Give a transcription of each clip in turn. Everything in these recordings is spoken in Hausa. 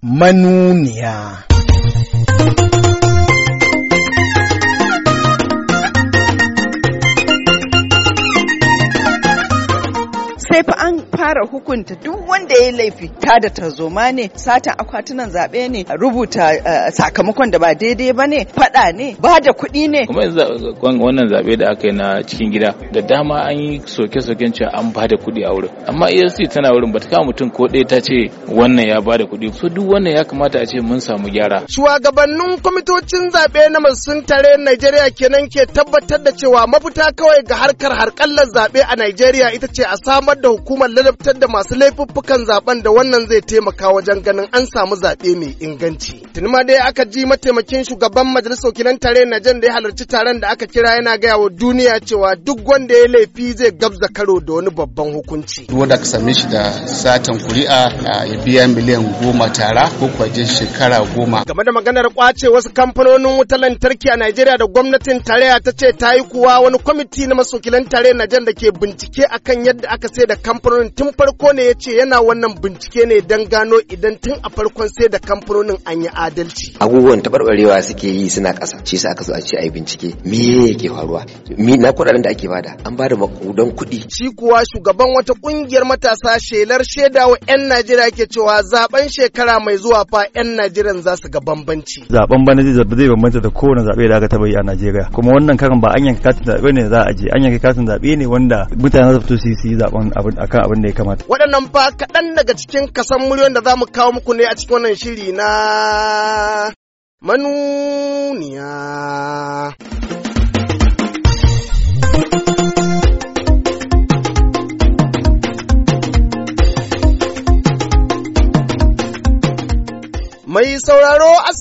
manuniya. sai fa an fara hukunta duk wanda ya laifi ta da tarzoma ne satan akwatunan zaɓe ne rubuta eh, sakamakon da ba daidai ba ne faɗa ne ba da kuɗi ne. kuma wannan zaɓe da aka yi na cikin gida da dama an yi soke-soken cewa an ba da kuɗi a wurin amma efcc tana wurin bata kama mutum ko ɗaya ta ce wannan ya ba da kuɗi so duk wannan ya kamata a ce mun samu gyara. shugabannin kwamitocin zaɓe na masu tare najeriya kenan ke tabbatar da cewa mafita kawai ga harkar harƙallar zaɓe a najeriya ita ce a samar da hukumar ladabtar da masu laifuffukan zaben da wannan zai taimaka wajen ganin an samu zaɓe mai inganci. Tuni ma dai aka ji mataimakin shugaban majalisar wakilan tare jan da ya halarci taron da aka kira yana gaya wa duniya cewa duk wanda ya laifi zai gabza karo da wani babban hukunci. Duk wanda aka same shi da satan kuri'a ya biya miliyan goma tara ko kwajin shekara goma. Game da maganar kwace wasu kamfanonin wutar lantarki a Najeriya da gwamnatin tarayya ta ce ta yi kuwa wani kwamiti na masokilan tare na jan da ke bincike akan yadda aka sai da kamfanonin tun farko ne ya ce yana wannan bincike ne don gano idan tun a farkon sai da kamfanonin an yi adalci. Abubuwan taɓarɓarewa suke yi suna ƙasa shi sa aka so a ce a yi bincike me yake faruwa mi na kuɗaɗen da ake bada an bada makudan kuɗi. Shi kuwa shugaban wata ƙungiyar matasa shelar shaida wa 'yan Najeriya ke cewa zaben shekara mai zuwa fa 'yan Najeriya za su ga bambanci. Zaben bana zai bambanta da kowane zaɓe da aka taɓa yi a Najeriya kuma wannan karan ba an yanka katin zaɓe ne za a je an yanka katin zaɓe ne wanda mutane za su fito su yi zaɓen akan abin da ya kamata waɗannan ba kaɗan daga cikin kasan muryoyin da za mu kawo muku ne a cikin wannan shiri na manuniya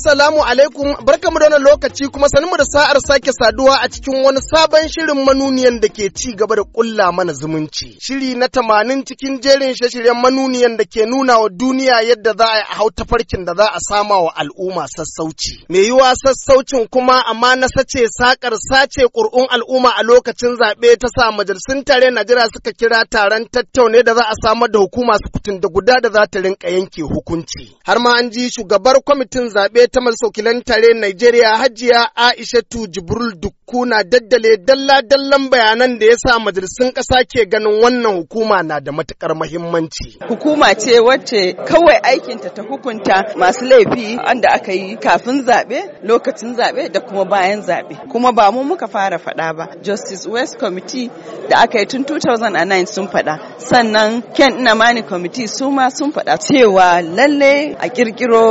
Assalamu alaikum barkamu da wannan lokaci kuma sanin mu da sa'ar sake saduwa a cikin wani sabon shirin manuniyan da ke ci gaba da kulla mana zumunci. Shiri na tamanin cikin jerin shirye-shiryen manuniyan da ke nuna wa duniya yadda za a hau tafarkin da za a sama wa al'umma sassauci. Me yiwa sassaucin kuma amma na sace sakar sace ƙur'un al'umma a lokacin zaɓe ta sa majalisun tare Najeriya suka kira taron tattaune da za a samar da hukuma su kutun da guda da za ta rinka yanke hukunci. Har ma an ji shugabar kwamitin zaɓe ta ta masaukilan tare Najeriya Hajiya Aishatu Jibril Duk cikakku na daddale dalla-dallan bayanan da ya sa majalisun ƙasa ke ganin wannan hukuma na da matukar mahimmanci. Hukuma ce wacce kawai aikinta ta hukunta masu laifi anda aka yi kafin zaɓe, lokacin zaɓe da kuma bayan zaɓe. Kuma ba mu muka fara faɗa ba. Justice West Committee da aka yi tun 2009 sun faɗa. Sannan Ken Namani Committee su ma sun faɗa cewa lalle a ƙirƙiro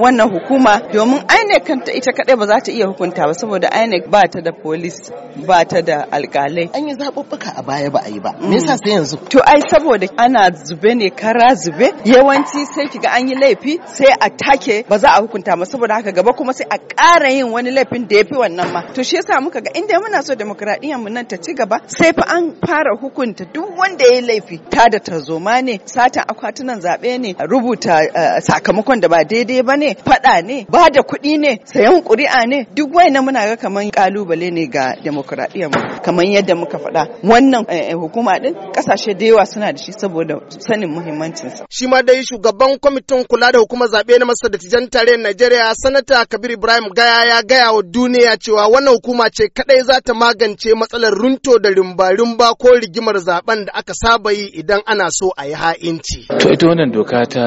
wannan hukuma domin INEC kanta ita kaɗai ba za ta iya hukunta ba saboda INEC ba ta da polis ba ta da alkalai. An yi zaɓuɓɓuka a baya ba a yi ba. Me yasa sai yanzu? To ai saboda ana zube ne kara zube yawanci sai kiga an yi laifi sai a take ba za a hukunta ma saboda haka gaba kuma sai a ƙara yin wani laifin da ya fi wannan ma. To shi yasa muka ga inda muna so demokradiyyar mu nan ta ci gaba sai fa an fara hukunta duk wanda ya yi laifi ta da ta tarzoma ne satan akwatunan zaɓe ne rubuta sakamakon da ba daidai ba ne faɗa ne ba da kuɗi ne sayan ƙuri'a ne duk waina muna ga kamar ƙalubale ne ga demokuraɗiyyar mu kamar yadda muka faɗa wannan eh, eh, hukuma din ƙasashe da yawa suna da shi saboda sanin muhimmancinsa. Shi ma dai shugaban kwamitin kula da hukumar zaɓe na Masar Dattijan Tarayyar Najeriya Sanata Kabir Ibrahim Gaya ya gaya wa duniya cewa wannan hukuma ce kaɗai za ta magance matsalar runto da rimba-rimba ko rigimar zaben da aka saba yi idan ana so a yi ha'inci. To ita wannan doka ta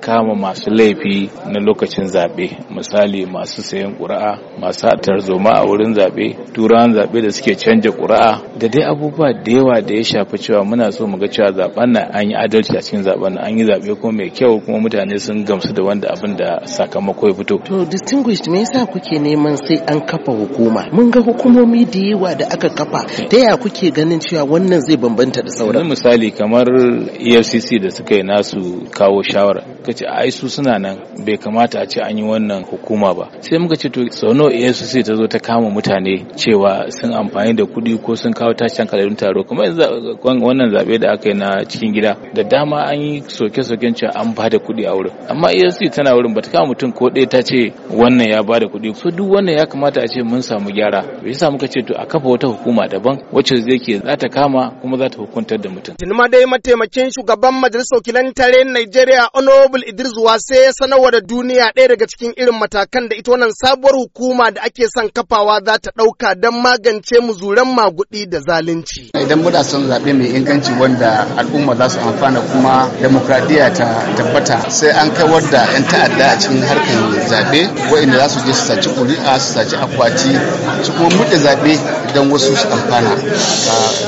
kama masu laifi na lokacin zaɓe misali masu sayan ƙura'a masu tarzoma a wurin zaɓe zaɓe turan zaɓe da suke canja ƙuri'a da dai abubuwa da yawa da ya shafi cewa muna so mu ga cewa zaɓen nan an yi adalci a cikin zaɓen nan an yi zaɓe ko mai kyau kuma mutane sun gamsu da wanda abin da sakamako ya fito. To distinguished me yasa kuke neman sai an kafa hukuma? Mun ga hukumomi da yawa da aka kafa ta yaya kuke ganin cewa wannan zai bambanta da sauran? misali kamar EFCC da suka yi nasu kawo shawara kace ai su suna nan bai kamata a ce an yi wannan hukuma ba sai muka ce to sau nawa EFCC ta zo ta kama mutane cewa sun amfani da kuɗi ko sun kawo tashin kalarun taro kuma wannan zaɓe da aka yi na cikin gida da dama an yi soke-soken cewa an ba da kuɗi a wurin amma esc tana wurin ba ta kama mutum ko ɗaya ta ce wannan ya ba da kuɗi so duk wannan ya kamata a ce mun samu gyara bai yasa muka ce to a kafa wata hukuma daban wacce zai ke za ta kama kuma za ta hukuntar da mutum. Tunuma dai mataimakin shugaban majalisar wakilan tarayyar Nigeria Honorable Idris Wase ya sanarwa da duniya ɗaya daga cikin irin matakan da ita wannan sabuwar hukuma da ake son kafawa za ta ɗauka don magance mu muzuran maguɗi da zalunci. Idan muna son zaɓe mai inganci wanda al'umma za su amfana kuma demokradiyya ta tabbata sai an kawar da 'yan ta'adda a cikin harkar zaɓe wa'inda za su je su saci kuri'a su saci akwati su kuma muɗe zaɓe don wasu su amfana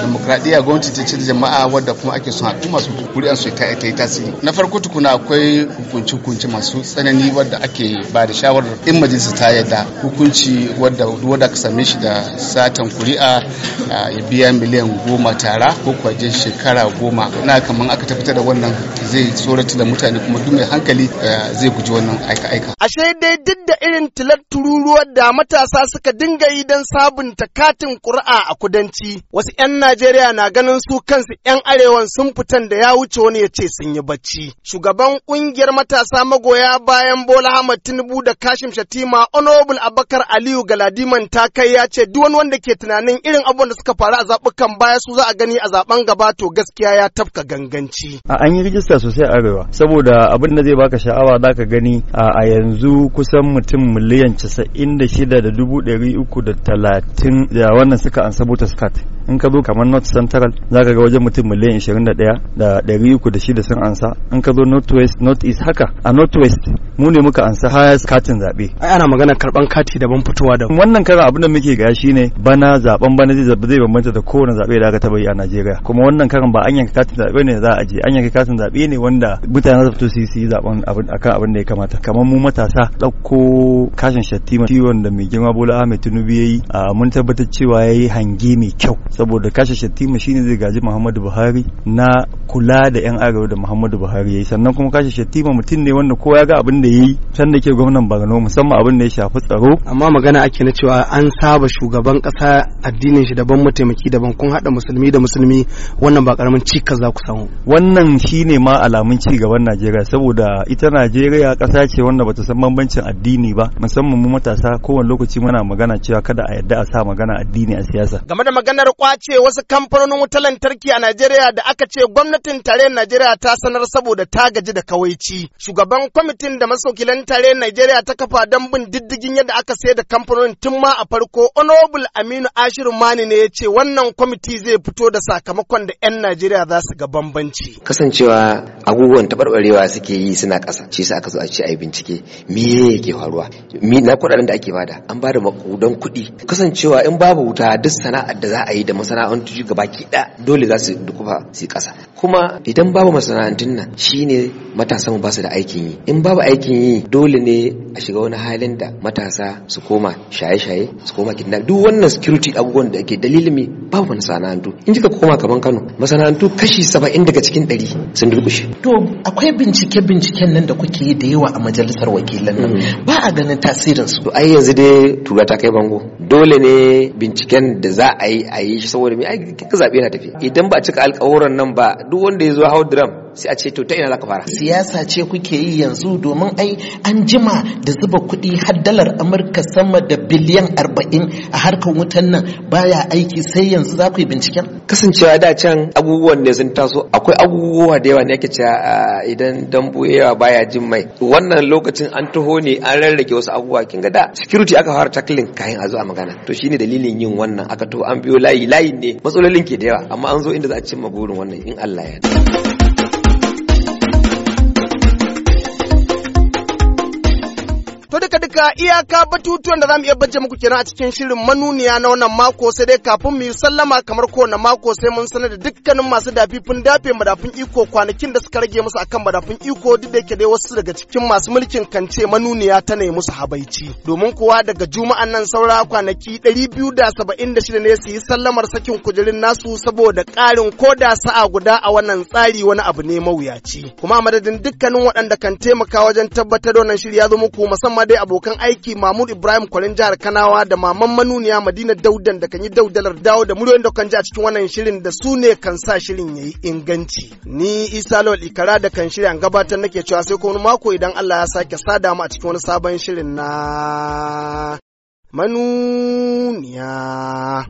demokradiyya gwamnati ta ce jama'a wadda kuma ake son al'umma su kuri'an su ta yi tasiri na farko tukuna akwai hukunci hukunci masu tsanani wadda ake ba da shawarar in majalisa ta yadda hukunci wadda wadda ka same shi da satan kuri'a ya biya miliyan goma tara ko kwaje shekara goma na kamar aka tafita da wannan zai tsorata da mutane kuma duk mai hankali zai guji wannan aika-aika. Ashe dai duk da irin tilar tururuwar da matasa suka dinga yi don sabunta katin yin a kudanci wasu 'yan Najeriya na ganin su kansu 'yan arewa sun fitan da ya wuce wani ya ce sun yi bacci. Shugaban ƙungiyar matasa magoya bayan Bola Ahmad Tinubu da Kashim Shatima Honorable Abakar Aliyu Galadiman ta kai ya ce duk wani wanda ke tunanin irin abubuwan da suka faru a zaɓukan baya su za a gani a zaɓen gaba to gaskiya ya tafka ganganci. a An yi rijista sosai arewa saboda abin da zai baka sha'awa za ka gani a yanzu kusan mutum miliyan casa'in da shida da dubu ɗari uku da talatin da wannan suka an saboda skat in ka zo kamar north central za ka ga wajen mutum miliyan 21 da 306 sun ansa in ka zo north west north east haka a north west mu ne muka ansa highest katin zaɓe. ai ana magana karban kati daban fitowa da wannan karan abin da muke gaya shine bana zaben bana zai bambanta da kowane zaɓe da aka taba yi a Najeriya kuma wannan karan ba an yanka katin zaɓe ne za a je an yanka katin zaɓe ne wanda mutane za su fito su yi zaben abin akan abin da ya kamata kamar mu matasa dauko kashin shattima ciwon da mai girma Bola Ahmed Tinubu yayi mun tabbatar cewa yayi hange mai kyau saboda kashe shattima shine zai gaji muhammadu buhari na kula da yan arewa da muhammadu buhari ya yi sannan kuma kashi shattima mutum ne wanda kowa ya ga abin da ya yi can da ke gwamnan borno musamman abin da ya shafi tsaro amma magana ake na cewa an saba shugaban kasa addinin shi daban mataimaki daban kun haɗa musulmi da musulmi wannan ba karamin cikas za ku samu wannan shine ma alamun ci gaban najeriya saboda ita najeriya kasa ce wanda bata san bambancin addini ba musamman mu matasa kowane lokaci muna magana cewa kada a yadda a sa magana addini a siyasa game da maganar kwace wasu kamfanonin wutar lantarki a najeriya da aka ce gwamnati gwamnatin tare Najeriya ta sanar saboda ta gaji da kawaici. Shugaban kwamitin da masaukilan tare Najeriya ta kafa don bin diddigin yadda aka sayar da kamfanonin tun ma a farko Honorable Aminu Ashiru Mani ne ya ce wannan kwamiti zai fito da sakamakon da 'yan Najeriya za su ga bambanci. Kasancewa abubuwan taɓarɓarewa suke yi suna ƙasa shi sa aka zo a ce a yi bincike me yake faruwa mi na kuɗaɗen da ake bada an bada makudan kuɗi kasancewa in babu wuta duk sana'ar da za a yi da masana'antu gaba ki dole za su dukufa su ƙasa kuma idan babu masana'antun nan shine matasan ba su da aikin yi in babu aikin yi dole ne a shiga wani halin da matasa su koma shaye-shaye su koma kidnap duk wannan security abubuwan da ake dalilin me babu masana'antu in kika koma kaman Kano masana'antu kashi saba'in daga cikin ɗari sun durkushe to akwai bincike binciken nan da kuke yi da yawa a majalisar wakilan nan mm. ba a ganin tasirin su ai yanzu dai tura ta kai bango dole ne binciken da za a yi a yi shi saboda me ai kika zabe na tafi idan ba a cika alƙawuran nan ba duk wanda ya zo hau drum sai a ce to ta ina za ka fara siyasa ce kuke yi yanzu domin ai an jima da zuba kuɗi har dalar amurka sama da biliyan arba'in a harkar wutan nan baya aiki sai yanzu za ku yi binciken kasancewa da can abubuwan ne sun taso akwai abubuwa da yawa ne ake cewa idan dambu yawa baya jin mai wannan lokacin an taho ne an rarrake wasu abubuwa kin ga da security aka fara tackling kayan a zo a magana to shine dalilin yin wannan aka to an biyo layi layi ne matsalolin ke da yawa amma an zo inda za a cimma burin wannan in Allah ya yarda duka iyaka batutuwan da za mu iya baje muku kenan a cikin shirin manuniya na wannan mako sai dai kafin mu yi sallama kamar kowane mako sai mun sanar da dukkanin masu dafifin dafe madafin iko kwanakin da suka rage musu akan madafin iko duk da yake dai wasu daga cikin masu mulkin kance manuniya ta ne musu habaici domin kuwa daga juma'an nan saura kwanaki 276 ne su yi sallamar sakin kujerin nasu saboda ƙarin koda sa'a guda a wannan tsari wani abu ne mawuyaci kuma madadin dukkanin waɗanda kan taimaka wajen tabbatar da wannan shirya zo muku musamman dai abokan abokan aiki Mahmud Ibrahim Kwalin jihar Kanawa da Maman Manuniya Madina Daudan da kan yi daudalar dawo da muryoyin da kan ji a cikin wannan shirin da su ne kan sa shirin yayi inganci. Ni Isa Lawal Ikara da kan shirya gabatar nake cewa sai ko wani mako idan Allah ya sake sada mu a cikin wani sabon shirin na manuniya.